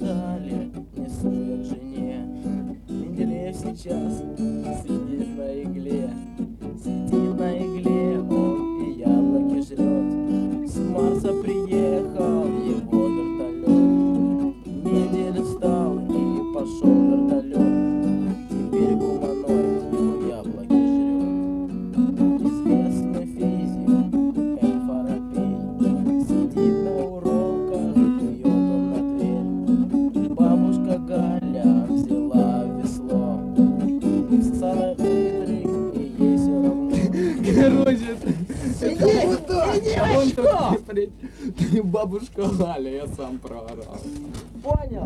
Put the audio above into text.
медали несу я к жене. Менделеев сейчас сидит на игле, сидит на игле. Иди, иди, что? Бабушка Галя, я сам проорал. Понял.